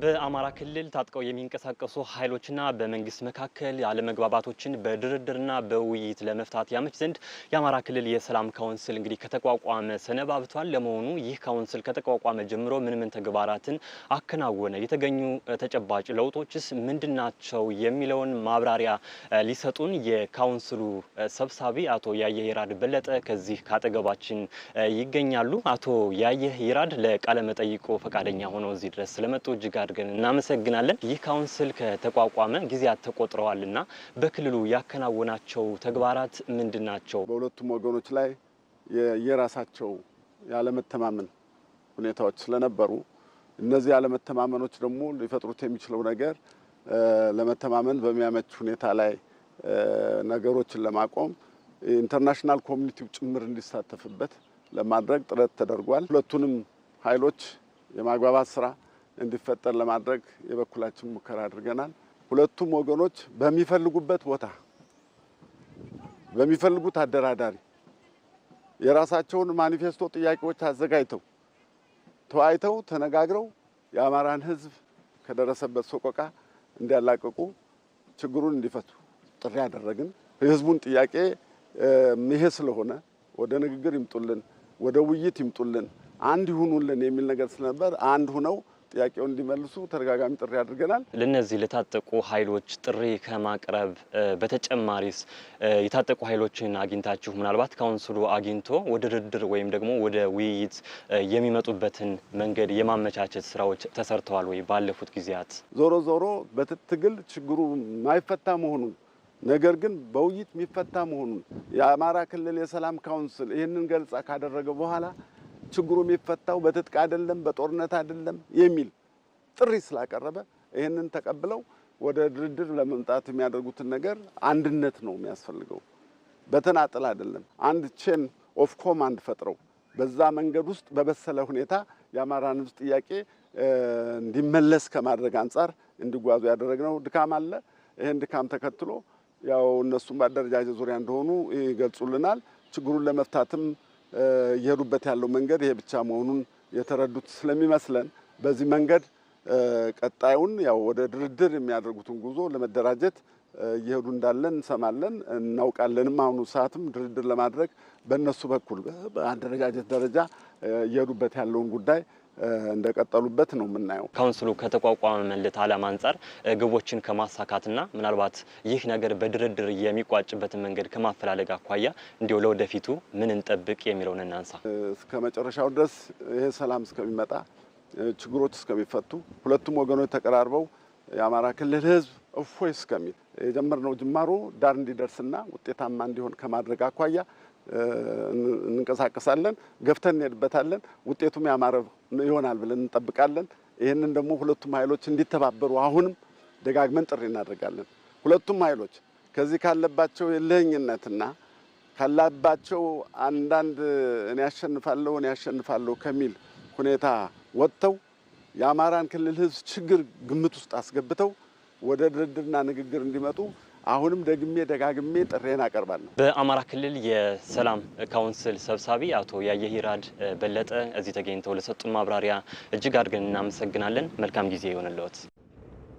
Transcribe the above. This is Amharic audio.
በአማራ ክልል ታጥቀው የሚንቀሳቀሱ ኃይሎችና በመንግስት መካከል አለመግባባቶችን በድርድርና በውይይት ለመፍታት ያመች ዘንድ የአማራ ክልል የሰላም ካውንስል እንግዲህ ከተቋቋመ ሰነባብቷል። ለመሆኑ ይህ ካውንስል ከተቋቋመ ጀምሮ ምን ምን ተግባራትን አከናወነ? የተገኙ ተጨባጭ ለውጦችስ ምንድናቸው የሚለውን ማብራሪያ ሊሰጡን የካውንስሉ ሰብሳቢ አቶ ያየህ ይራድ በለጠ ከዚህ ካጠገባችን ይገኛሉ። አቶ ያየህ ይራድ ለቃለመጠይቁ ፈቃደኛ ሆነው እዚህ ድረስ ስለመጡ እጅግ አድርገን እናመሰግናለን። ይህ ካውንስል ከተቋቋመ ጊዜያት እና በክልሉ ያከናወናቸው ተግባራት ምንድን ናቸው? በሁለቱም ወገኖች ላይ የራሳቸው ያለመተማመን ሁኔታዎች ስለነበሩ እነዚህ ያለመተማመኖች ደግሞ ሊፈጥሩት የሚችለው ነገር ለመተማመን በሚያመች ሁኔታ ላይ ነገሮችን ለማቆም ኢንተርናሽናል ኮሚኒቲው ጭምር እንዲሳተፍበት ለማድረግ ጥረት ተደርጓል። ሁለቱንም ኃይሎች የማግባባት ስራ እንዲፈጠር ለማድረግ የበኩላችን ሙከራ አድርገናል። ሁለቱም ወገኖች በሚፈልጉበት ቦታ በሚፈልጉት አደራዳሪ የራሳቸውን ማኒፌስቶ ጥያቄዎች አዘጋጅተው ተወያይተው ተነጋግረው የአማራን ሕዝብ ከደረሰበት ሰቆቃ እንዲያላቀቁ ችግሩን እንዲፈቱ ጥሪ ያደረግን። የሕዝቡን ጥያቄ ይሄ ስለሆነ ወደ ንግግር ይምጡልን፣ ወደ ውይይት ይምጡልን፣ አንድ ይሁኑልን የሚል ነገር ስለነበር አንድ ሁነው ጥያቄውን እንዲመልሱ ተደጋጋሚ ጥሪ አድርገናል። ለነዚህ ለታጠቁ ኃይሎች ጥሪ ከማቅረብ በተጨማሪስ የታጠቁ ኃይሎችን አግኝታችሁ ምናልባት ካውንስሉ አግኝቶ ወደ ድርድር ወይም ደግሞ ወደ ውይይት የሚመጡበትን መንገድ የማመቻቸት ስራዎች ተሰርተዋል ወይ? ባለፉት ጊዜያት ዞሮ ዞሮ በትግል ችግሩ ማይፈታ መሆኑን ነገር ግን በውይይት የሚፈታ መሆኑን የአማራ ክልል የሰላም ካውንስል ይህንን ገልጻ ካደረገ በኋላ ችግሩ የሚፈታው በትጥቅ አይደለም፣ በጦርነት አይደለም የሚል ጥሪ ስላቀረበ ይህንን ተቀብለው ወደ ድርድር ለመምጣት የሚያደርጉትን ነገር አንድነት ነው የሚያስፈልገው፣ በተናጠል አይደለም። አንድ ቼን ኦፍ ኮማንድ ፈጥረው በዛ መንገድ ውስጥ በበሰለ ሁኔታ የአማራን ሕዝብ ጥያቄ እንዲመለስ ከማድረግ አንጻር እንዲጓዙ ያደረግነው ድካም አለ። ይህን ድካም ተከትሎ ያው እነሱም በአደረጃጀት ዙሪያ እንደሆኑ ይገልጹልናል። ችግሩን ለመፍታትም እየሄዱበት ያለው መንገድ ይሄ ብቻ መሆኑን የተረዱት ስለሚመስለን በዚህ መንገድ ቀጣዩን ያው ወደ ድርድር የሚያደርጉትን ጉዞ ለመደራጀት እየሄዱ እንዳለን እንሰማለን እናውቃለንም። አሁኑ ሰዓትም ድርድር ለማድረግ በእነሱ በኩል በአደረጃጀት ደረጃ እየሄዱበት ያለውን ጉዳይ እንደቀጠሉበት ነው የምናየው። ካውንስሉ ከተቋቋመለት ዓላማ አንጻር ግቦችን ከማሳካትና ምናልባት ይህ ነገር በድርድር የሚቋጭበትን መንገድ ከማፈላለግ አኳያ እንዲሁ ለወደፊቱ ምን እንጠብቅ የሚለውን እናንሳ። እስከ መጨረሻው ድረስ ይሄ ሰላም እስከሚመጣ ችግሮች እስከሚፈቱ ሁለቱም ወገኖች ተቀራርበው የአማራ ክልል ህዝብ እፎይ እስከሚል የጀመርነው ጅማሮ ዳር እንዲደርስና ውጤታማ እንዲሆን ከማድረግ አኳያ እንንቀሳቀሳለን፣ ገፍተን እንሄድበታለን፣ ውጤቱም ያማረ ይሆናል ብለን እንጠብቃለን። ይህንን ደግሞ ሁለቱም ኃይሎች እንዲተባበሩ አሁንም ደጋግመን ጥሪ እናደርጋለን። ሁለቱም ኃይሎች ከዚህ ካለባቸው የለኝነትና ካላባቸው አንዳንድ እኔ ያሸንፋለሁ እኔ ያሸንፋለሁ ከሚል ሁኔታ ወጥተው የአማራን ክልል ህዝብ ችግር ግምት ውስጥ አስገብተው ወደ ድርድርና ንግግር እንዲመጡ አሁንም ደግሜ ደጋግሜ ጥሬን አቀርባለሁ። በአማራ ክልል የሰላም ካውንስል ሰብሳቢ አቶ ያየሂራድ በለጠ እዚህ ተገኝተው ለሰጡን ማብራሪያ እጅግ አድርገን እናመሰግናለን። መልካም ጊዜ ይሆንልዎት።